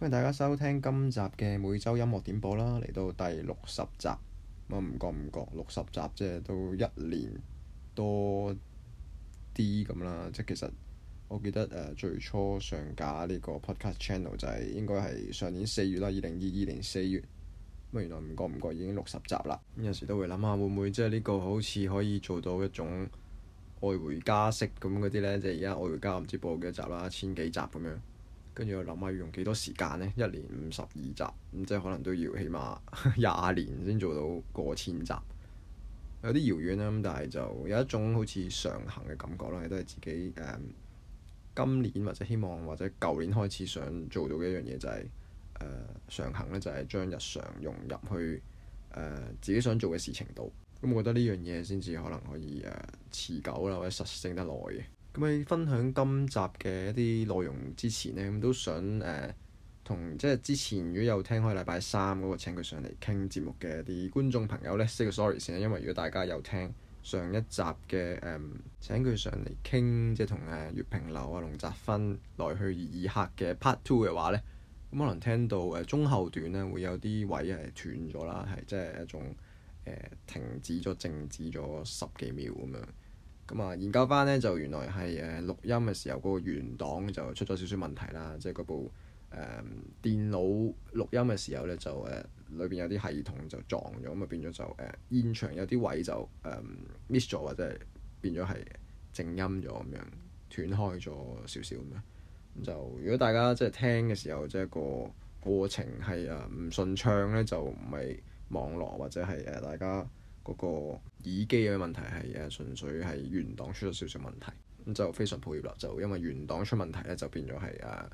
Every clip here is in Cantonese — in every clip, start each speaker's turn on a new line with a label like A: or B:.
A: 歡迎大家收聽今集嘅每周音樂點播啦，嚟到第六十集，乜唔覺唔覺？六十集即係都一年多啲咁啦，即係其實我記得誒、呃、最初上架呢個 Podcast Channel 就係、是、應該係上年四月啦，二零二二年四月。乜、嗯、原來唔覺唔覺已經六十集啦？咁有時都會諗下會唔會即係呢個好似可以做到一種愛回家式咁嗰啲呢？即係而家愛回家唔知播幾多集啦，千幾集咁樣。跟住我諗下要用幾多時間呢？一年五十二集，咁即係可能都要起碼廿年先做到過千集，有啲遙遠啦。咁但係就有一種好似上行嘅感覺啦，亦都係自己誒、嗯、今年或者希望或者舊年開始想做到嘅一樣嘢、就係，呃、常就係誒上行咧，就係將日常融入去誒、呃、自己想做嘅事情度。咁、嗯、我覺得呢樣嘢先至可能可以誒、呃、持久啦，或者實踐得耐嘅。分享今集嘅一啲內容之前呢，咁都想誒同、呃、即係之前，如果有聽開禮拜三嗰個請佢上嚟傾節目嘅一啲觀眾朋友咧，Say 個 sorry 先。因為如果大家有聽上一集嘅誒、呃、請佢上嚟傾即係同誒月平樓啊龍澤芬來去異客嘅 part two 嘅話呢，咁可能聽到誒、呃、中後段呢，會有啲位係斷咗啦，係即係一種誒、呃、停止咗靜止咗十幾秒咁樣。咁啊，研究翻咧就原來係誒錄音嘅時候，個原檔就出咗少少問題啦，即係嗰部誒、嗯、電腦錄音嘅時候咧就誒裏邊有啲系統就撞咗，咁啊變咗就誒、嗯、現場有啲位就誒 miss 咗或者係變咗係靜音咗咁樣斷開咗少少咁樣。咁就如果大家即係、就是、聽嘅時候，即係個過程係啊唔順暢咧，就唔係網絡或者係誒、啊、大家，嗰個耳機嘅問題係誒、啊、純粹係原檔出咗少少問題，咁就非常抱歉啦。就因為原檔出問題咧，就變咗係誒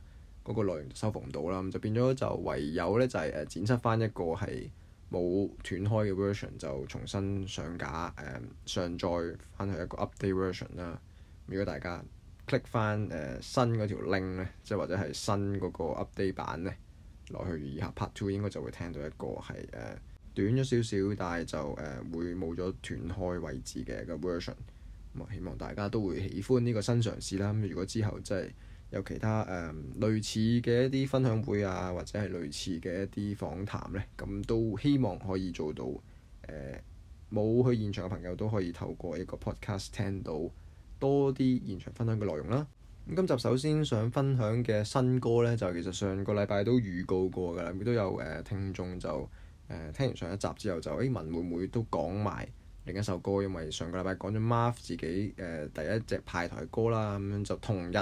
A: 嗰個內容修復唔到啦。咁就變咗就唯有咧就係、是、誒、啊、剪輯返一個係冇斷開嘅 version，就重新上架誒、啊、上載返去一個 update version 啦。如果大家 click 返誒、啊、新嗰條 link 咧，即係或者係新嗰個 update 版咧，落去以下 part two 應該就會聽到一個係誒、啊短咗少少，但係就誒、呃、會冇咗斷開位置嘅個 version。咁希望大家都會喜歡呢個新嘗試啦。咁如果之後即係有其他誒、呃、類似嘅一啲分享會啊，或者係類似嘅一啲訪談呢，咁都希望可以做到誒冇、呃、去現場嘅朋友都可以透過一個 podcast 聽到多啲現場分享嘅內容啦。咁今集首先想分享嘅新歌呢，就其實上個禮拜都預告過㗎啦，亦都有誒、呃、聽眾就。誒、嗯、聽完上一集之後就，誒、哎、文妹妹都講埋另一首歌？因為上個禮拜講咗 Marf 自己誒、呃、第一隻派台歌啦，咁、嗯、樣就同一。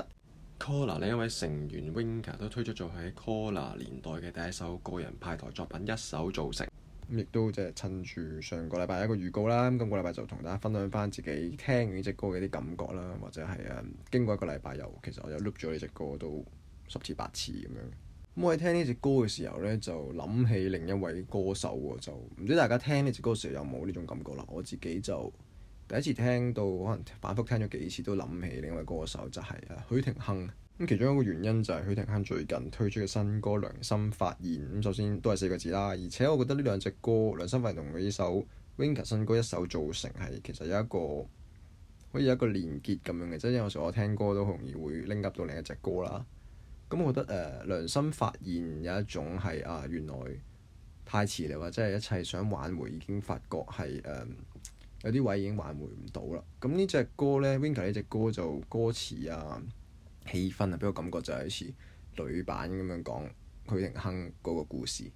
A: COLLAR 呢一位成員 Winka 都推出咗喺 COLLAR 年代嘅第一首個人派台作品，一手造成。咁亦、嗯、都即係趁住上個禮拜一個預告啦，咁、嗯、今個禮拜就同大家分享翻自己聽呢隻歌嘅啲感覺啦，或者係誒、嗯、經過一個禮拜，又其實我又 loop 咗呢隻歌都十次八次咁樣。咁我喺聽呢隻歌嘅時候呢，就諗起另一位歌手喎，就唔知大家聽呢隻歌時候有冇呢種感覺啦？我自己就第一次聽到，可能反覆聽咗幾次都諗起另一位歌手，就係、係啊、許廷鏗。咁其中一個原因就係許廷鏗最近推出嘅新歌《良心發現》。咁首先都係四個字啦，而且我覺得呢兩隻歌《良心發現》同佢呢首《Winka》新歌一手造成係其實有一個可以有一個連結咁樣嘅，即係有時候我聽歌都好容易會 link 到另一隻歌啦。咁、嗯、我覺得誒、呃、良心發現有一種係啊，原來太遲啦，或者係一切想挽回已經發覺係誒、呃、有啲位已經挽回唔到啦。咁呢隻歌咧 Winka 呢隻歌就歌詞啊、氣氛啊，俾我感覺就係好似女版咁樣講，許廷鏗嗰個故事，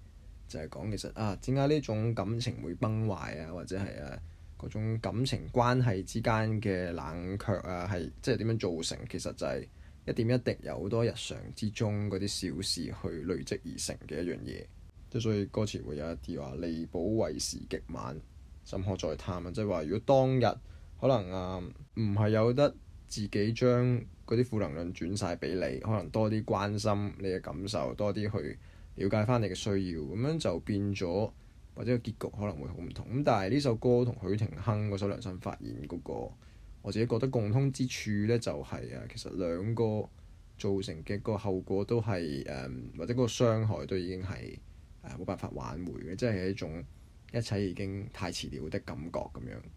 A: 就係、是、講其實啊，點解呢種感情會崩壞啊，或者係啊嗰種感情關係之間嘅冷卻啊，係即係點樣造成？其實就係、是。一點一滴有好多日常之中嗰啲小事去累積而成嘅一樣嘢，即係所以歌詞會有一啲話彌補為時極晚，怎可再探啊！即係話如果當日可能啊唔係有得自己將嗰啲負能量轉晒俾你，可能多啲關心你嘅感受，多啲去了解翻你嘅需要，咁樣就變咗或者個結局可能會好唔同。咁但係呢首歌同許廷鏗嗰首《良心發現》嗰個。我自己覺得共通之處咧，就係、是、啊，其實兩個造成嘅個後果都係誒、呃，或者個傷害都已經係誒冇辦法挽回嘅，即係一種一切已經太遲了嘅感覺咁樣。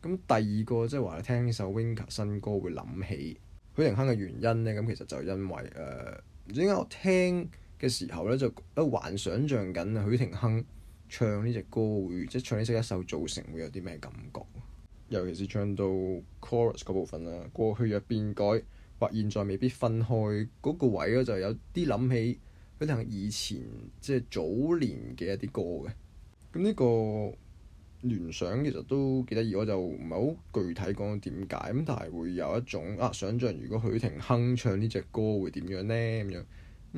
A: 咁第二個即係話你聽呢首《Winka》新歌會諗起許廷鏗嘅原因咧，咁其實就因為誒，唔知點解我聽嘅時候咧，就不還想像緊許廷鏗唱呢隻歌會，即係唱呢一首造成會有啲咩感覺？尤其是唱到 chorus 嗰部分啦、啊，過去若變改或現在未必分開嗰、那個位咧，就有啲諗起許廷以前即係早年嘅一啲歌嘅。咁呢個聯想其實都幾得意，我就唔係好具體講點解，咁但係會有一種啊想象，如果許廷鏗唱呢隻歌會點樣咧咁樣，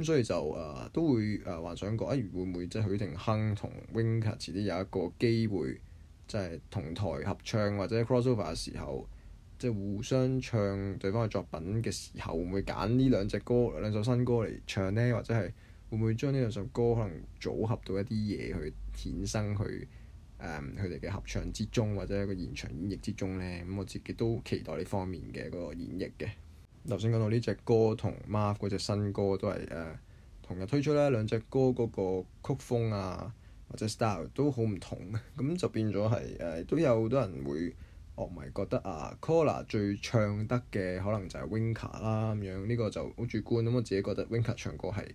A: 咁所以就誒、啊、都會誒、啊、幻想過啊會唔會即係許廷鏗同 Winka 遲啲有一個機會。即係同台合唱或者 crossover 嘅時候，即係互相唱對方嘅作品嘅時候，會唔會揀呢兩隻歌兩首新歌嚟唱呢？或者係會唔會將呢兩首歌可能組合到一啲嘢去衍生去佢哋嘅合唱之中，或者一個現場演繹之中呢？咁、嗯、我自己都期待呢方面嘅嗰、那個演繹嘅。頭先講到呢隻歌同 Marv 嗰隻新歌都係誒、呃、同日推出呢兩隻歌嗰個曲風啊～或者 style 都好唔同嘅，咁 就變咗係，誒都有好多人會樂迷覺得啊 COLLAR 最唱得嘅可能就係 Winka 啦咁樣，呢、這個就好主觀，咁。我自己覺得 Winka 唱歌係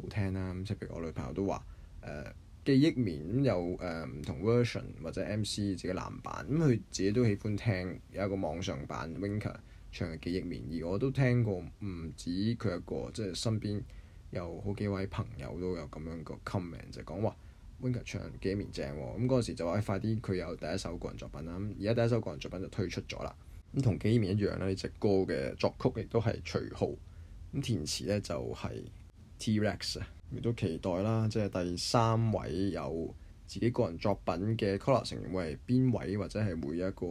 A: 好聽啦，咁即係譬如我女朋友都話，誒、呃、記憶棉有誒唔、呃、同 version 或者 MC 自己男版咁佢自己都喜歡聽有一個網上版 Winka 唱嘅記憶棉而我都聽過，唔止佢一個，即、就、係、是、身邊有好幾位朋友都有咁樣個 comment 就講話。Winka 唱《幾面正》喎，咁嗰陣時就話：快啲！佢有第一首個人作品啦。咁而家第一首個人作品就推出咗啦。咁同《幾面》一樣咧，呢隻歌嘅作曲亦都係徐浩，咁填詞咧就係 T-Rex 亦都期待啦，即係第三位有自己個人作品嘅 COLLAR 成員會係邊位，或者係會有一個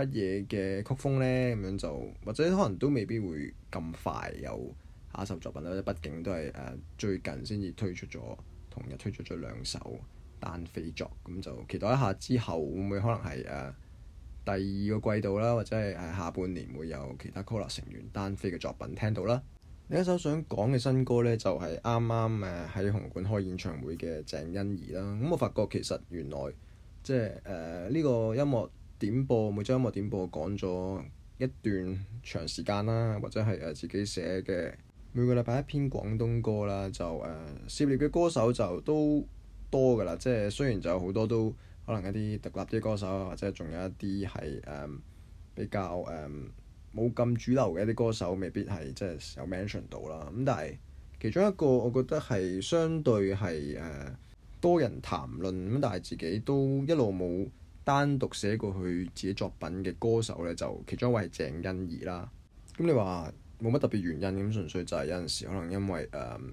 A: 乜嘢嘅曲風咧？咁樣就或者可能都未必會咁快有下一首作品啦。畢竟都係誒、啊、最近先至推出咗。同日推出咗兩首單飛作，咁就期待一下之後會唔會可能係誒、呃、第二個季度啦，或者係下半年會有其他 COLLAR 成員單飛嘅作品聽到啦。另一首想講嘅新歌呢，就係啱啱誒喺紅館開演唱會嘅鄭欣宜啦。咁、嗯、我發覺其實原來即係誒呢個音樂點播，每周音樂點播講咗一段長時間啦，或者係誒、呃、自己寫嘅。每個禮拜一篇廣東歌啦，就誒、呃、涉獵嘅歌手就都多㗎啦。即係雖然就好多都可能一啲獨立啲歌手啊，或者仲有一啲係誒比較誒冇咁主流嘅一啲歌手，未必係即係有 mention 到啦。咁但係其中一個我覺得係相對係誒、呃、多人談論咁，但係自己都一路冇單獨寫過佢自己作品嘅歌手呢，就其中一位係鄭欣宜啦。咁你話？冇乜特別原因，咁純粹就係有陣時可能因為誒、嗯、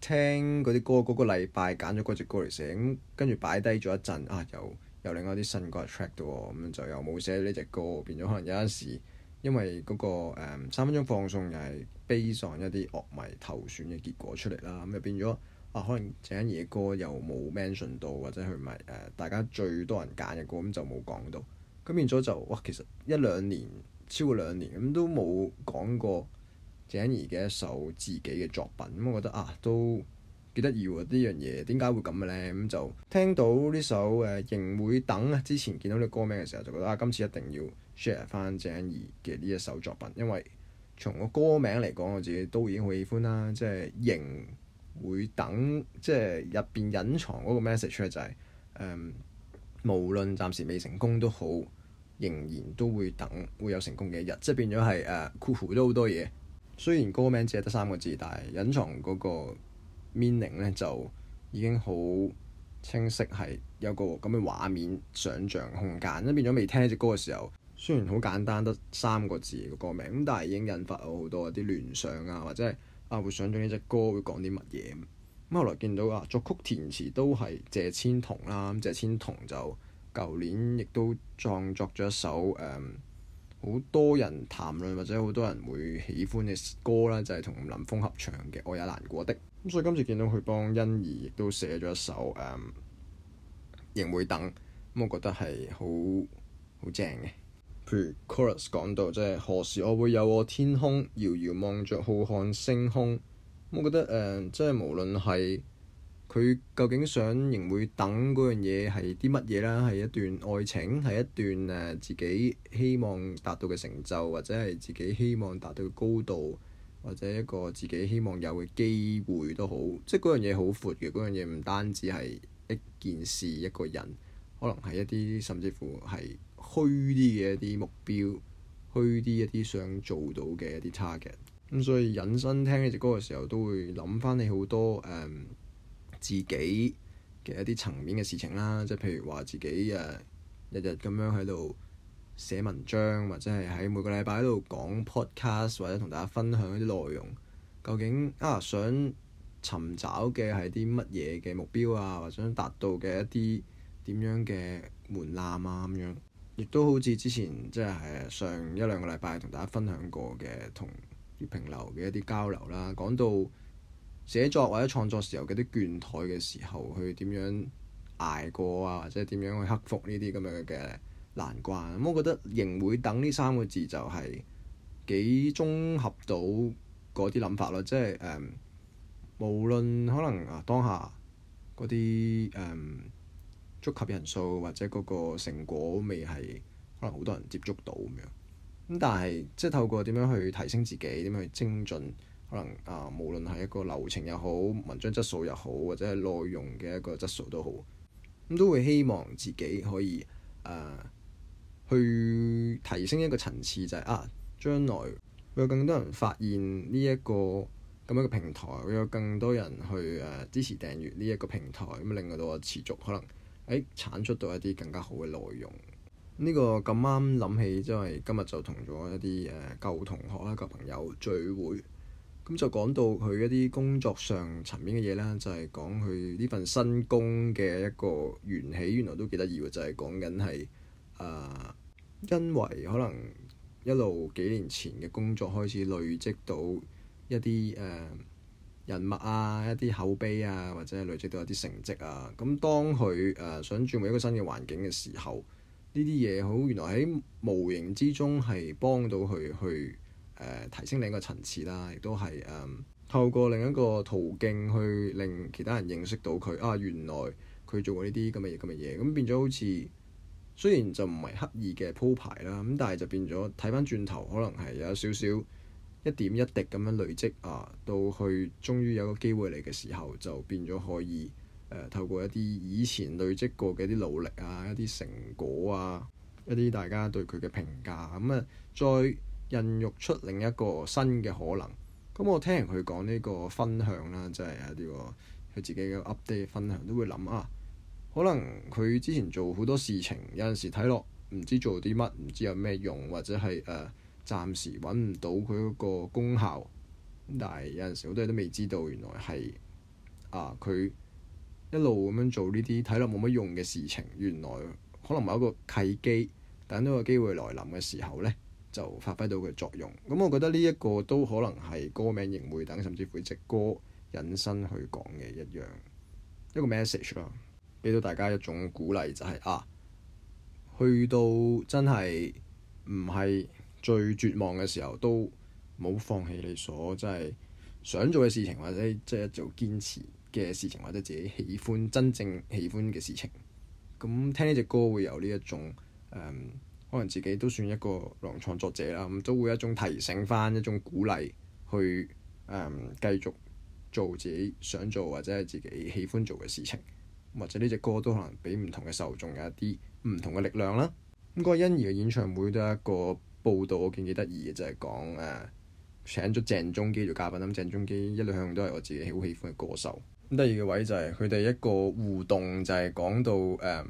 A: 聽嗰啲歌嗰、嗰個禮拜揀咗嗰隻歌嚟寫，咁跟住擺低咗一陣，啊又又另外啲新歌嚟 track 到，咁、啊嗯、就又冇寫呢隻歌，變咗可能有陣時因為嗰、嗰個、嗯、三分鐘放送又係 based on 一啲樂迷投選嘅結果出嚟啦，咁、嗯、就變咗啊可能鄭欣宜嘅歌又冇 mention 到或者佢咪誒大家最多人揀嘅歌，咁、嗯、就冇講到，咁變咗就哇其實一兩年。超過兩年咁都冇講過欣宜嘅一首自己嘅作品，咁、嗯、我覺得啊都幾得意喎呢樣嘢，點解會咁嘅呢？咁、嗯、就聽到呢首誒仍、呃、會等之前見到呢個歌名嘅時候，就覺得啊今次一定要 share 翻欣宜嘅呢一首作品，因為從個歌名嚟講，我自己都已經好喜歡啦，即係仍會等，即係入邊隱藏嗰個 message 出嚟，就係誒無論暫時未成功都好。仍然都會等會有成功嘅一日，即係變咗係誒 cover 咗好多嘢。雖然歌名只係得三個字，但係隱藏嗰個 meaning 呢，就已經好清晰，係有個咁嘅畫面想像空間。咁變咗未聽呢隻歌嘅時候，雖然好簡單得三個字嘅歌名，咁但係已經引發咗好多啲聯想啊，或者係啊會想象呢隻歌會講啲乜嘢。咁、嗯、後來見到啊，作曲填詞都係謝千桐啦、啊，咁謝芊彤就。舊年亦都創作咗一首誒好多人談論或者好多人會喜歡嘅歌啦，就係同林峯合唱嘅《我也難過的》。咁所以今次見到佢幫欣宜亦都寫咗一首誒仍會等，咁、嗯、我覺得係好好正嘅。譬如 Chorus 講到即係何時我會有我天空，遙遙望著浩瀚星空，嗯、我覺得誒、嗯、即係無論係。佢究竟想仍會等嗰樣嘢係啲乜嘢啦？係一段愛情，係一段誒自己希望達到嘅成就，或者係自己希望達到嘅高度，或者一個自己希望有嘅機會都好。即係嗰樣嘢好闊嘅，嗰樣嘢唔單止係一件事、一個人，可能係一啲甚至乎係虛啲嘅一啲目標，虛啲一啲想做到嘅一啲 target。咁所以引申聽呢隻歌嘅時候，都會諗翻你好多誒。Um, 自己嘅一啲層面嘅事情啦，即係譬如話自己誒日日咁樣喺度寫文章，或者係喺每個禮拜喺度講 podcast，或者同大家分享一啲內容，究竟啊想尋找嘅係啲乜嘢嘅目標啊，或者想達到嘅一啲點樣嘅門檻啊咁樣，亦都好似之前即係、就是、上一兩個禮拜同大家分享過嘅同葉平流嘅一啲交流啦，講到。寫作或者創作時候嘅啲倦怠嘅時候，去點樣捱過啊，或者點樣去克服呢啲咁樣嘅難關。咁、嗯、我覺得仍會等呢三個字，就係幾綜合到嗰啲諗法咯。即係誒、嗯，無論可能啊，當下嗰啲誒觸及人數或者嗰個成果未係可能好多人接觸到咁樣。咁但係即係透過點樣去提升自己，點樣去精進。可能啊，無論係一個流程又好，文章質素又好，或者係內容嘅一個質素都好，咁都會希望自己可以誒、呃、去提升一個層次，就係、是、啊將來會有更多人發現呢、這、一個咁樣嘅平台，會有更多人去誒、呃、支持訂閱呢一個平台，咁令到我持續可能誒、呃、產出到一啲更加好嘅內容。呢、這個咁啱諗起，即係今日就同咗一啲誒舊同學啦、舊朋友聚會。咁就講到佢一啲工作上層面嘅嘢啦，就係講佢呢份新工嘅一個緣起，原來都幾得意喎，就係講緊係誒，因為可能一路幾年前嘅工作開始累積到一啲誒、啊、人物啊，一啲口碑啊，或者累積到一啲成績啊。咁當佢誒、啊、想轉換一個新嘅環境嘅時候，呢啲嘢好原來喺無形之中係幫到佢去，呃、提升另一個層次啦，亦都係透過另一個途徑去令其他人認識到佢啊。原來佢做過呢啲咁嘅嘢，咁嘅嘢咁變咗好似雖然就唔係刻意嘅鋪排啦，咁、嗯、但係就變咗睇翻轉頭，可能係有少少一點點一滴咁樣累積啊，到去終於有個機會嚟嘅時候，就變咗可以、呃、透過一啲以前累積過嘅啲努力啊，一啲成果啊，一啲大家對佢嘅評價咁啊、嗯，再。孕育出另一個新嘅可能。咁我聽完佢講呢個分享啦，即係一啲佢自己嘅 update 分享，都會諗啊，可能佢之前做好多事情，有陣時睇落唔知做啲乜，唔知有咩用，或者係誒、呃、暫時揾唔到佢嗰個功效。但係有陣時好多嘢都未知道，原來係啊，佢一路咁樣做呢啲睇落冇乜用嘅事情，原來可能某一個契機，等到個機會來臨嘅時候呢。就發揮到佢嘅作用，咁我覺得呢一個都可能係歌名仍會等，甚至乎隻歌引申去講嘅一樣，一個 message 啦，俾到大家一種鼓勵、就係，就係啊，去到真係唔係最絕望嘅時候，都冇放棄你所真係、就係、想做嘅事情，或者即係做堅持嘅事情，或者自己喜歡、真正喜歡嘅事情，咁聽呢隻歌會有呢一種、嗯可能自己都算一個狼創作者啦，咁都會一種提醒翻，一種鼓勵去誒繼、嗯、續做自己想做或者係自己喜歡做嘅事情，或者呢隻歌都可能俾唔同嘅受眾有一啲唔同嘅力量啦。咁嗰、嗯那個、欣宜嘅演唱會都有一個報導，我見幾得意嘅就係講誒請咗鄭中基做嘉賓，咁鄭中基一路向都係我自己好喜歡嘅歌手咁。第二個位就係佢哋一個互動就、嗯，就係講到誒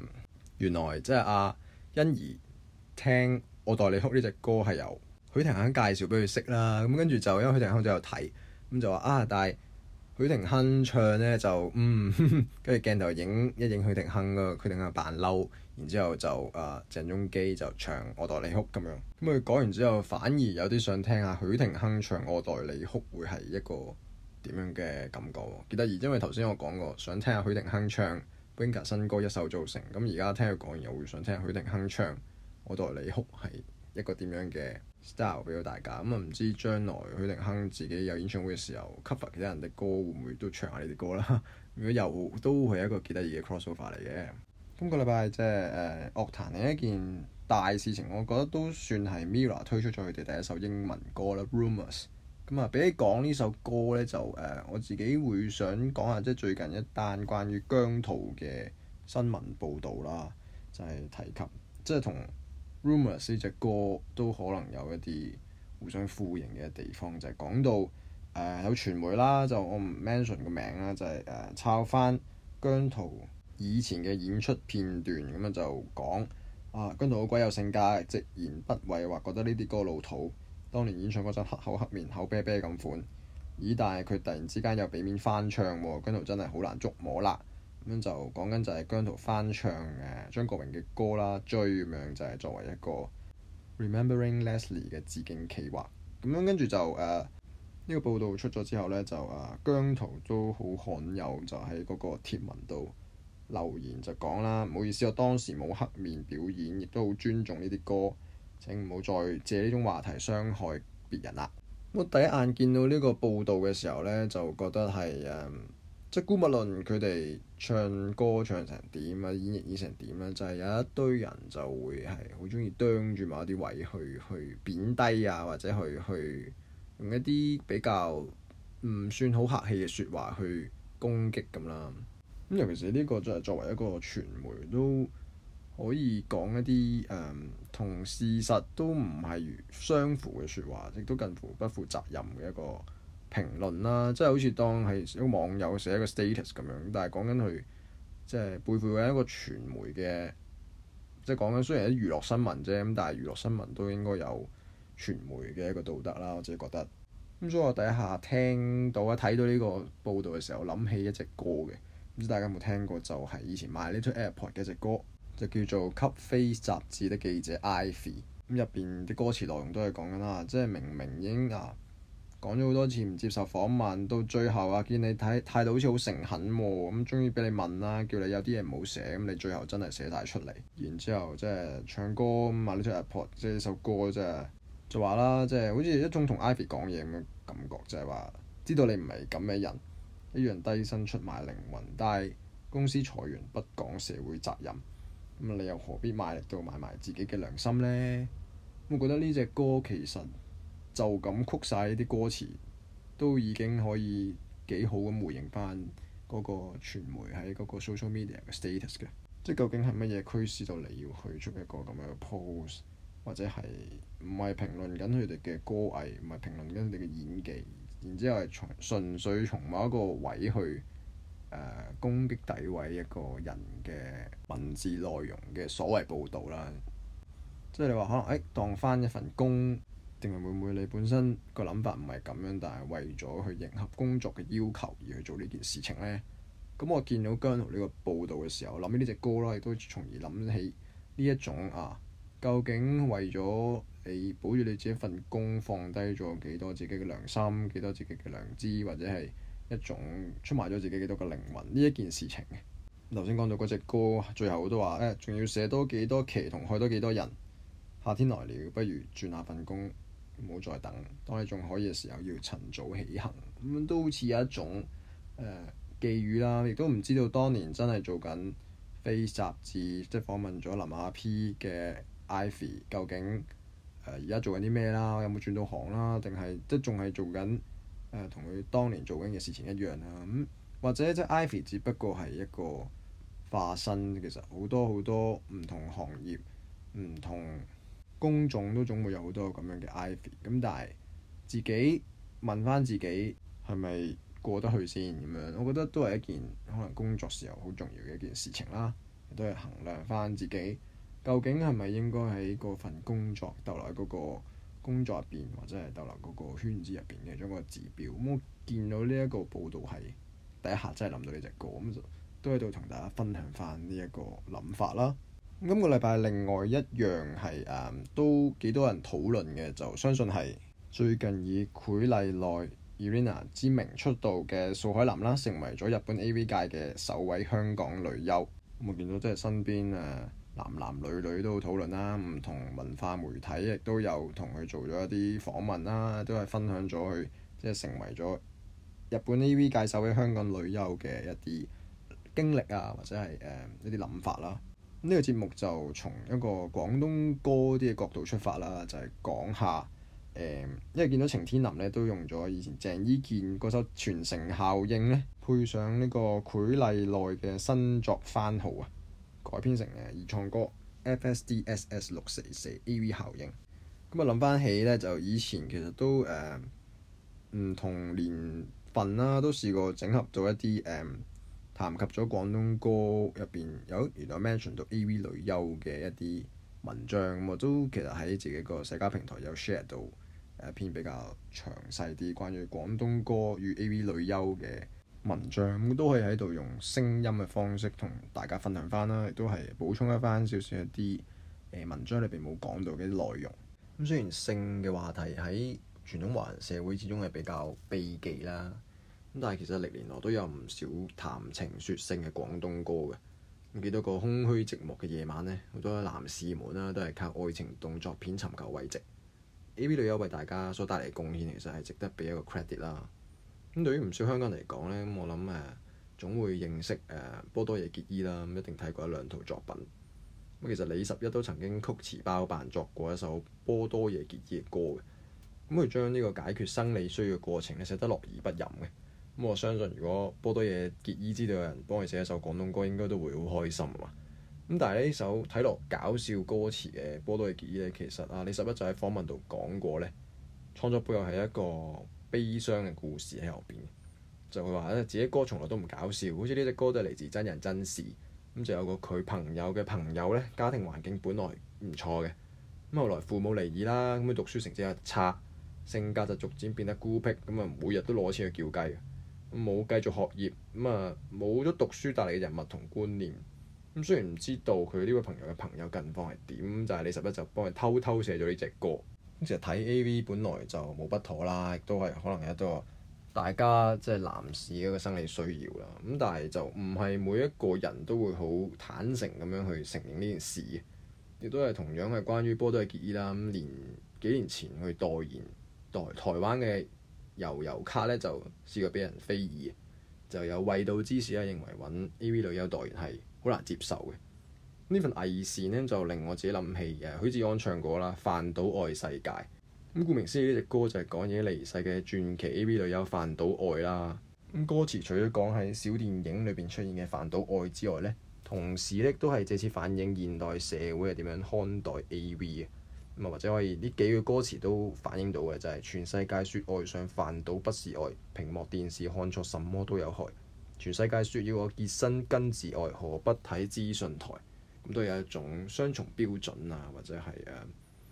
A: 原來即係阿欣宜。聽我代你哭呢隻歌係由許廷鏗介紹俾佢識啦。咁跟住就因為許廷鏗都有睇咁就話啊，但係許廷鏗唱呢就嗯跟住 鏡頭影一影許廷鏗個，許廷鏗扮嬲。然之後就啊、呃，鄭中基就唱我代你哭咁樣。咁佢講完之後，反而有啲想聽下許廷鏗唱我代你哭會係一個點樣嘅感覺，記得。因為頭先我講過想聽下許廷鏗唱 Winka 新歌一手造成。咁而家聽佢講完又會想聽下許廷鏗唱。我代你哭係一個點樣嘅 style 俾到大家咁啊？唔、嗯、知將來許廷鏗自己有演唱會嘅時候，cover 其他人嘅歌會唔會都唱下你哋歌啦？如、嗯、果又都係一個幾得意嘅 crossover 嚟嘅。今個禮拜即係誒樂壇另一件大事情，我覺得都算係 MIRROR 推出咗佢哋第一首英文歌啦，um《Rumours》。咁啊，比起講呢首歌咧，就誒、呃、我自己會想講下即係最近一單關於姜濤嘅新聞報導啦，就係、是、提及即係同。就是 Rumours 呢隻歌都可能有一啲互相呼應嘅地方，就係、是、講到誒、呃、有傳媒啦，就我唔 mention 個名啦，就係誒抄翻姜濤以前嘅演出片段咁啊，就講啊姜濤好鬼有性格，直言不諱話覺得呢啲歌老土，當年演唱嗰陣黑口黑面、口啤啤咁款，咦？但係佢突然之間又俾面翻唱，啊、姜濤真係好難捉摸啦～咁樣就講緊就係姜濤翻唱誒張國榮嘅歌啦，追咁樣就係作為一個《Remembering Leslie》嘅致敬企劃。咁樣跟住就誒呢、呃這個報道出咗之後呢，就啊、呃、姜濤都好罕有就喺嗰個貼文度留言就講啦，唔好意思，我當時冇黑面表演，亦都好尊重呢啲歌，請唔好再借呢種話題傷害別人啦。我第一眼見到呢個報道嘅時候呢，就覺得係誒。呃即係古物論佢哋唱歌唱成點啊，演演成點咧，就係、是、有一堆人就會係好中意啄住某啲位去去貶低啊，或者去去用一啲比較唔算好客氣嘅説話去攻擊咁啦。咁尤其是呢個作作為一個傳媒，都可以講一啲誒同事實都唔係相符嘅説話，亦都近乎不負責任嘅一個。評論啦，即係好似當係小個網友寫一個 status 咁樣，但係講緊佢即係背負緊一個傳媒嘅，即係講緊雖然係娛樂新聞啫，咁但係娛樂新聞都應該有傳媒嘅一個道德啦，我自己覺得。咁所以我第一下聽到啊睇到呢個報導嘅時候，諗起一隻歌嘅，唔知大家有冇聽過？就係、是、以前 My Little Airport 嘅一隻歌，就叫做《給 face 雜誌的記者 Ivy》。咁入邊啲歌詞內容都係講緊啦，即係明明已經啊～講咗好多次唔接受訪問，到最後啊，見你睇態度好似好誠懇喎、啊，咁、嗯、終於俾你問啦、啊，叫你有啲嘢唔好寫，咁、嗯、你最後真係寫晒出嚟，然之後即係唱歌咁買呢隻 ipod，即係首歌即係就話啦，即係好似一種同 Ivy 講嘢咁嘅感覺，就係話知道你唔係咁嘅人，一樣低身出賣靈魂，但係公司裁員不講社會責任，咁、嗯、你又何必賣力到賣埋自己嘅良心呢？我覺得呢隻歌其實～就咁曲晒啲歌詞，都已經可以幾好咁回應翻嗰個傳媒喺嗰個 social media 嘅 status 嘅，即係究竟係乜嘢驅使到你要去出一個咁樣嘅 pose，或者係唔係評論緊佢哋嘅歌藝，唔係評論緊佢哋嘅演技，然之後係從，純粹從某一個位去誒、呃、攻擊、詆毀一個人嘅文字內容嘅所謂報導啦，即係你話可能誒、欸、當翻一份工。定係會唔會你本身個諗法唔係咁樣，但係為咗去迎合工作嘅要求而去做呢件事情呢。咁我見到姜濤呢個報道嘅時候，諗起呢隻歌啦，亦都從而諗起呢一種啊，究竟為咗你保住你自己份工，放低咗幾多自己嘅良心、幾多自己嘅良知，或者係一種出賣咗自己幾多個靈魂呢？一件事情。頭先講到嗰隻歌，最後都話誒，仲、欸、要寫多幾多期，同害多幾多人？夏天來了，不如轉下份工。唔好再等，當你仲可以嘅時候，要趁早起行，咁、嗯、都好似有一種、呃、寄語啦。亦都唔知道當年真係做緊非雜誌，即係訪問咗林亞 P 嘅 Ivy，究竟而家、呃、做緊啲咩啦？有冇轉到行啦？定係即仲係做緊同佢當年做緊嘅事情一樣啦？咁、嗯、或者即係 Ivy 只不過係一個化身，其實好多好多唔同行業唔同工種都總會有好多咁樣嘅 IVY，咁但係自己問翻自己係咪過得去先咁樣，我覺得都係一件可能工作時候好重要嘅一件事情啦，都係衡量翻自己究竟係咪應該喺嗰份工作逗留喺嗰個工作入邊，或者係逗留嗰個圈子入邊嘅一個指標。咁我見到呢一個報道係第一下真係諗到呢隻歌，咁就都喺度同大家分享翻呢一個諗法啦。今個禮拜另外一樣係誒、嗯、都幾多人討論嘅，就相信係最近以繪麗奈 Erina 之名出道嘅素海霖啦，成為咗日本 AV 界嘅首位香港女優。嗯、我見到即係身邊誒、啊、男男女女都討論啦，唔、啊、同文化媒體亦都有同佢做咗一啲訪問啦、啊，都係分享咗佢即係成為咗日本 AV 界首位香港女優嘅一啲經歷啊，或者係誒、啊、一啲諗法啦。啊呢個節目就從一個廣東歌啲嘅角度出發啦，就係、是、講下誒、呃，因為見到程天林咧都用咗以前鄭伊健嗰首《傳承效應》咧，配上呢個許麗奈嘅新作《番號》啊，改編成誒二創歌，FSDSS 六四四 AV 效應。咁啊，諗翻起咧，就以前其實都誒唔、呃、同年份啦，都試過整合到一啲誒。呃談及咗廣東歌入邊有原來 mention 到 AV 女優嘅一啲文章，咁我都其實喺自己個社交平台有 share 到誒篇比較詳細啲關於廣東歌與 AV 女優嘅文章，咁都可以喺度用聲音嘅方式同大家分享翻啦，亦都係補充一翻少少一啲誒文章裏邊冇講到嘅啲內容。咁雖然性嘅話題喺傳統華人社會之中係比較避忌啦。咁但係其實歷年來都有唔少談情説性嘅廣東歌嘅，咁幾多個空虛寂寞嘅夜晚呢，好多男士們啦都係靠愛情動作片尋求慰藉。AV 女優為大家所帶嚟嘅貢獻，其實係值得俾一個 credit 啦。咁對於唔少香港人嚟講呢，我諗誒總會認識誒波多野結衣啦，咁一定睇過一兩套作品。咁其實李十一都曾經曲詞包辦作過一首波多野結衣嘅歌嘅，咁佢將呢個解決生理需要嘅過程咧寫得樂而不淫嘅。咁我相信，如果波多野結衣知道有人幫佢寫一首廣東歌，應該都會好開心嘛。咁但係呢首睇落搞笑歌詞嘅波多野結衣咧，其實啊，李十一就喺訪問度講過咧，創作背後係一個悲傷嘅故事喺後邊，就會話咧自己歌從來都唔搞笑，好似呢隻歌都係嚟自真人真事。咁就有個佢朋友嘅朋友咧，家庭環境本來唔錯嘅，咁後來父母離異啦，咁佢讀書成績又差，性格就逐漸變得孤僻，咁啊每日都攞錢去叫雞。冇繼續學業，咁啊冇咗讀書帶嚟嘅人物同觀念，咁雖然唔知道佢呢位朋友嘅朋友近況係點，但係你十一就幫佢偷偷寫咗呢隻歌。咁其實睇 A.V. 本來就冇不妥啦，亦都係可能有一個大家即係男士嘅一個生理需要啦。咁但係就唔係每一個人都會好坦誠咁樣去承認呢件事，亦都係同樣係關於波多野結衣啦。咁連幾年前去代言代台灣嘅。由遊卡咧就試過俾人非議，就有衛道之士咧認為揾 AV 女優代言係好難接受嘅。呢份偽善呢，就令我自己諗起啊許志安唱過啦《飯島愛世界》。咁顧名思義呢隻歌就係講嘢離世嘅傳奇 AV 女優飯島愛啦。咁歌詞除咗講喺小電影裏邊出現嘅飯島愛之外呢，同時呢都係借此反映現代社會係點樣看待 AV 或者可以呢幾句歌詞都反映到嘅就係、是、全世界說愛上飯島不是愛，屏幕電視看錯什麼都有害。全世界說要我潔身根自愛，何不睇資訊台？咁都有一種雙重標準啊，或者係誒、啊、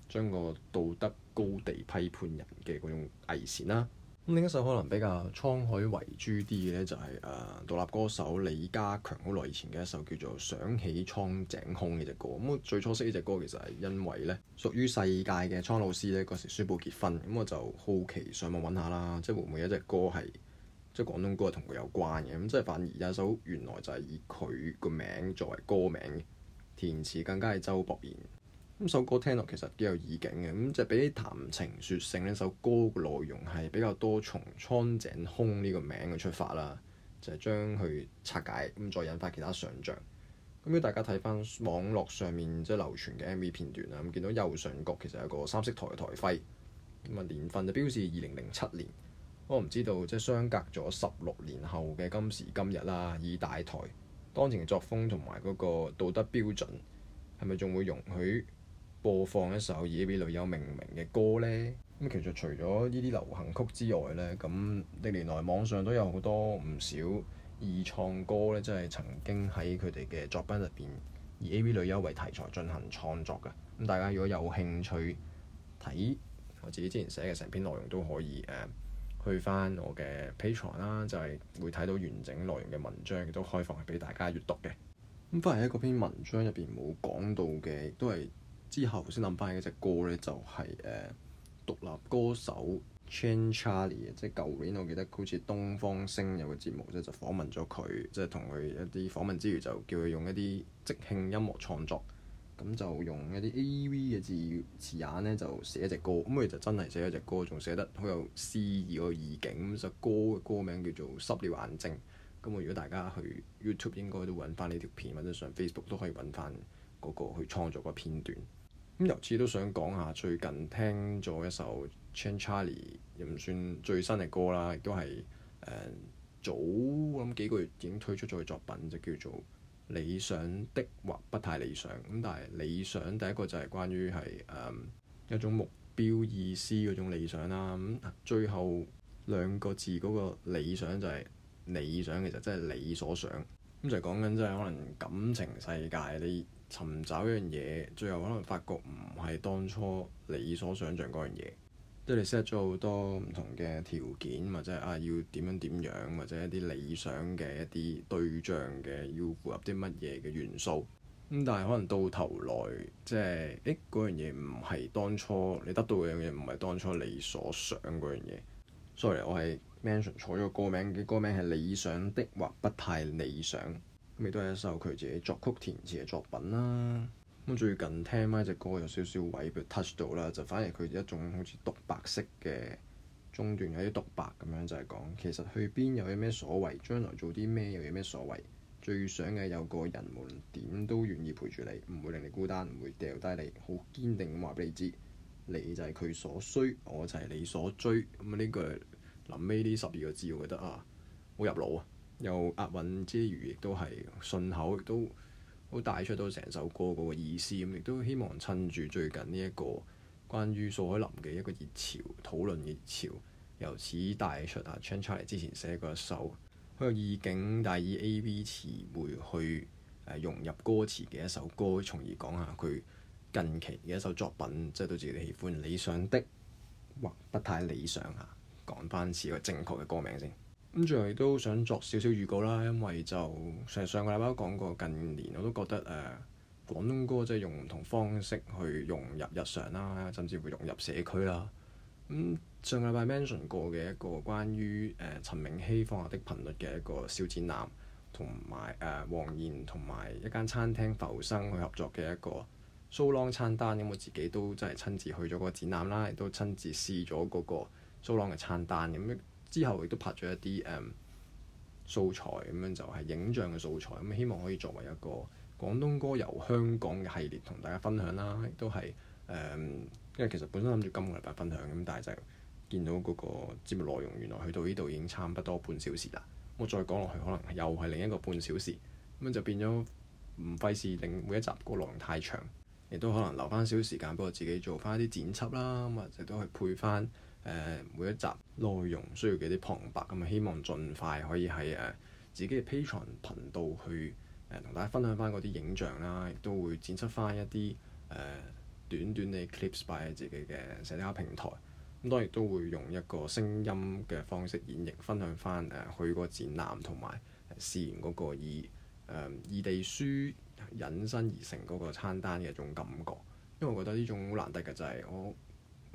A: 將個道德高地批判人嘅嗰種偽善啦。咁另一首可能比較滄海遺珠啲嘅咧，就係誒獨立歌手李家強好耐以前嘅一首叫做《想起蒼井空》嘅隻歌。咁、嗯、我最初識呢隻歌其實係因為咧屬於世界嘅蒼老師咧嗰時宣布結婚，咁、嗯、我就好奇上網揾下啦，即係會唔會有一隻歌係即係廣東歌同佢有關嘅？咁、嗯、即係反而有一首原來就係以佢個名作為歌名，填詞更加係周博賢。首歌聽落其實幾有意境嘅咁，就比談情說性呢首歌嘅內容係比較多從《蒼井空》呢個名嘅出發啦，就係、是、將佢拆解咁，再引發其他想象。咁如果大家睇翻網絡上面即係流傳嘅 M V 片段啦，咁見到右上角其實有個三色台台徽咁啊，年份就標示二零零七年。我唔知道即係、就是、相隔咗十六年後嘅今時今日啦，以大台當前嘅作風同埋嗰個道德標準係咪仲會容許？播放一首以 AV 女優命名嘅歌呢，咁其實除咗呢啲流行曲之外呢，咁歷年來網上都有好多唔少二創歌呢，即係曾經喺佢哋嘅作品入邊以 AV 女優為題材進行創作嘅。咁大家如果有興趣睇我自己之前寫嘅成篇內容，都可以誒去翻我嘅 patreon 啦，就係會睇到完整內容嘅文章，亦都開放係俾大家閲讀嘅。咁不過喺嗰篇文章入邊冇講到嘅，都係～之後先諗翻起隻歌咧，就係誒獨立歌手 Chan Charlie，即係舊年我記得好似東方星有個節目，即係就訪問咗佢，即係同佢一啲訪問之餘，就叫佢用一啲即興音樂創作，咁就用一啲 AV 嘅字字眼咧，就寫隻歌。咁佢就真係寫咗隻歌，仲寫得好有詩意個意境。咁首歌嘅歌名叫做濕了眼睛。咁我如果大家去 YouTube 應該都揾翻呢條片，或者上 Facebook 都可以揾翻嗰個去創作個片段。咁由此都想講下最近聽咗一首 Chan Charlie，又唔算最新嘅歌啦，亦都係誒早我諗幾個月已經推出咗嘅作品，就叫做理想的或不太理想。咁但係理想第一個就係關於係誒一種目標意思嗰種理想啦。咁、嗯、最後兩個字嗰個理想就係理想，其實真係你所想。咁就係講緊真係可能感情世界你。尋找一樣嘢，最後可能發覺唔係當初你所想像嗰樣嘢，即係你 set 咗好多唔同嘅條件，或者啊要點樣點樣，或者一啲理想嘅一啲對象嘅要符合啲乜嘢嘅元素。咁、嗯、但係可能到頭來即係誒嗰樣嘢唔係當初你得到嘅樣嘢，唔係當初你所想嗰樣嘢。Sorry，我係 mention 錯咗歌名嘅，歌名係理想的或不太理想。咪都係一首佢自己作曲填詞嘅作品啦。咁最近聽翻隻歌有少少微妙 touch 到啦，就反而佢一種好似獨白式嘅中段有啲獨白咁樣就，就係講其實去邊又有咩所謂，將來做啲咩又有咩所謂。最想嘅有個人們點都願意陪住你，唔會令你孤單，唔會掉低你。好堅定咁話俾你知，你就係佢所需，我就係你所追。咁呢句諗尾呢十二個字，我覺得啊好入腦啊！又押韻之餘，亦都係順口，亦都好帶出到成首歌嗰個意思。咁亦都希望趁住最近呢一個關於蘇海林嘅一個熱潮、討論熱潮，由此帶出阿、啊、ChanCharlie 之前寫過一首佢有意境，但以 A.V. 詞彙去誒融入歌詞嘅一首歌，從而講下佢近期嘅一首作品，即係對自己喜歡，理想的或不太理想嚇、啊。講翻次個正確嘅歌名先。咁最後亦都想作少少預告啦，因為就上上個禮拜都講過，近年我都覺得誒、呃、廣東歌即係用唔同方式去融入日常啦，甚至會融入社區啦。咁、嗯、上個禮拜 mention 過嘅一個關於誒、呃、陳明熙陳明憙放下的頻率嘅一個小展覽，同埋誒黃妍同埋一間餐廳浮生去合作嘅一個蘇朗餐單。咁、嗯、我自己都真係親自去咗個展覽啦，亦都親自試咗嗰個蘇朗嘅餐單咁。嗯之後亦都拍咗一啲素材咁樣，就係影像嘅素材咁，希望可以作為一個廣東歌遊香港嘅系列同大家分享啦。亦都係因為其實本身諗住今個禮拜分享咁，但係就見到嗰個節目內容原來去到呢度已經差不多半小時啦。我再講落去可能又係另一個半小時，咁就變咗唔費事令每一集個內容太長，亦都可能留翻少少時間俾我自己做翻一啲剪輯啦，咁啊亦都去配翻。誒、呃、每一集內容需要幾啲旁白咁啊、嗯，希望盡快可以喺誒、呃、自己嘅 Patreon 頻道去誒同、呃、大家分享翻嗰啲影像啦，亦都會剪出翻一啲誒、呃、短短嘅 clips 擺喺自己嘅社交平台咁、嗯，當然都會用一個聲音嘅方式演繹分享翻誒去個展覽同埋試驗嗰個以誒、呃、異地書引申而成嗰個餐單嘅一種感覺，因為我覺得呢種好難得嘅就係、是、我。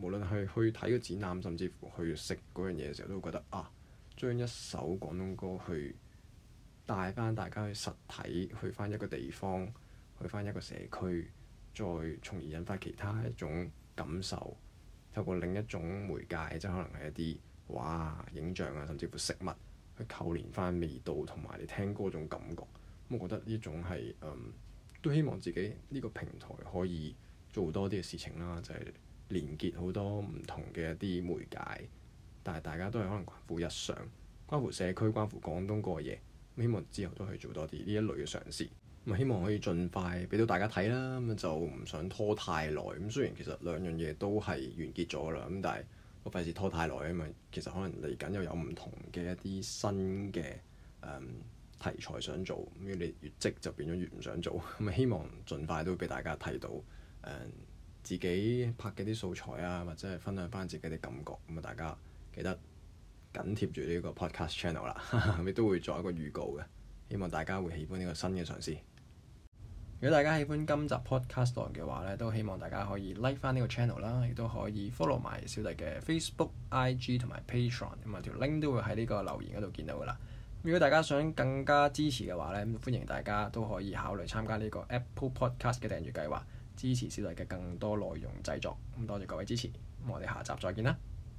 A: 無論係去睇個展覽，甚至乎去食嗰樣嘢嘅時候，都覺得啊，將一首廣東歌去帶翻大家去實體，去翻一個地方，去翻一個社區，再從而引發其他一種感受。透過另一種媒介，即係可能係一啲畫、影像啊，甚至乎食物去扣連翻味道同埋你聽歌嗰種感覺。咁我覺得呢種係嗯都希望自己呢個平台可以做多啲嘅事情啦，就係。連結好多唔同嘅一啲媒介，但係大家都係可能關乎日常，關乎社區，關乎廣東過嘢。希望之後都可以做多啲呢一類嘅嘗試，咁啊希望可以盡快俾到大家睇啦，咁就唔想拖太耐，咁雖然其實兩樣嘢都係完結咗啦，咁但係我費事拖太耐啊嘛，其實可能嚟緊又有唔同嘅一啲新嘅誒、嗯、題材想做，咁越嚟越積就變咗越唔想做，咁啊希望盡快都俾大家睇到誒。嗯自己拍嘅啲素材啊，或者係分享翻自己啲感覺咁啊，大家記得緊貼住呢個 podcast channel 啦，後尾都會做一個預告嘅。希望大家會喜歡呢個新嘅嘗試。如果大家喜歡今集 podcast 嘅話咧，都希望大家可以 like 翻呢個 channel 啦，亦都可以 follow 埋小弟嘅 Facebook、IG 同埋 Patreon，咁啊條 link 都會喺呢個留言嗰度見到噶啦。如果大家想更加支持嘅話咧，歡迎大家都可以考慮參加呢個 Apple Podcast 嘅訂閱計劃。支持小弟嘅更多內容製作，咁多謝各位支持，我哋下集再見啦。